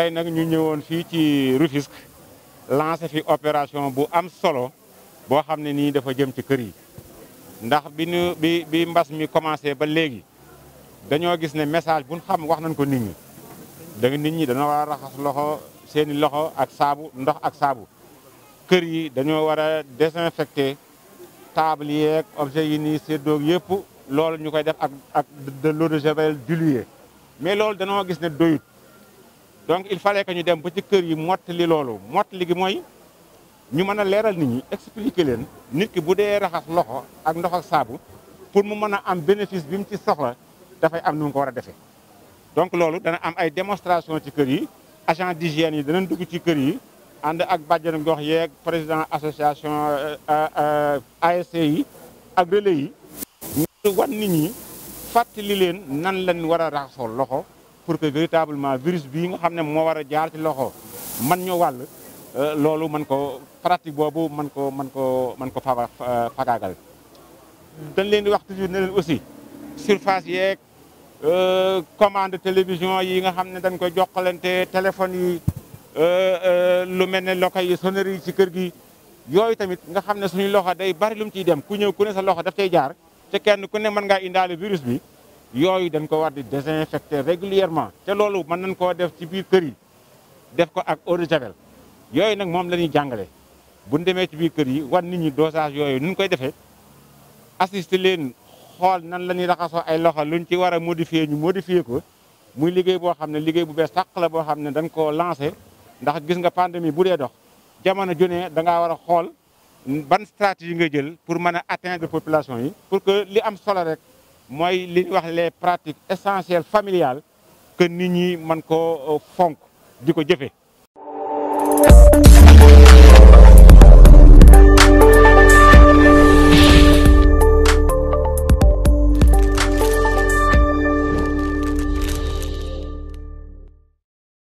tey nag ñu ñëwoon fii ci Rufisque lancé fi opération bu am solo boo xam ne nii dafa jëm ci kër yi ndax bi nu bi bi mbas mi commencé ba léegi dañoo gis ne message buñ xam wax nañ ko nit ñi da nit ñi dañoo war a raxas loxo seeni loxo ak saabu ndox ak saabu kër yi dañoo war a désinfecté table yeeg objet yi nii séddoog yëpp lool ñu koy def ak ak de l'eau de javel mais loolu dañoo gis ne doyut donc il fallait que ñu dem ba ci kër yi mottali loolu mottali gi mooy ñu mën a leeral nit ñi expliquer leen nit ki bu dee raxas loxo ak ndox ak saabu pour mu mën a am bénéfice bi mu ci soxla dafay am nu mu ko war a defee. donc loolu dana am ay démonstration ci kër yi agent di d'hygiène yi dana dugg ci kër yi ànd ak bàjjenu ngox yeeg président association euh, euh, ASC yi ak relais yi. ñu nit ñi fàttali leen nan lañ war a raxasoo loxo. pour que véritablement virus bii nga xam ne moo war a jaar ci loxo man ñoo wàll euh, loolu man ko pratique boobu man ko man ko man ko fa fagaagal dañ leen di wax toujours ne aussi surface yeeg euh, commande télévision yi nga xam ne dañ koy jokkalante téléphone yi euh, lu mel ne loxo yi sonnerie ci kër gi yooyu tamit nga xam ne suñu loxo day bari lu mu ciy dem ku ñëw ku ne sa loxo daf cay jaar te kenn ku ne mën ngaa indaale virus bi yooyu dañ ko war di désinfecter régulièrement te loolu mën nañ koo def ci biir kër def ko ak eau de yooyu nag moom la ñuy jàngale bu ñu demee ci biir kër yi wan nit ñi dosage yooyu nu koy defee assister leen xool nan la ñuy raxasoo ay loxo luñ ci war a modifier ñu modifier ko muy liggéey boo xam ne liggéey bu bees sàq la boo xam ne danga koo lancé ndax gis nga pandémie bu dee dox jamono jone ne da ngaa war a xool ban stratégie nga jël pour mën a atteindre population yi solo rek. Moi, li les pratiques essentielles familiales que nous avons mën euh, fonk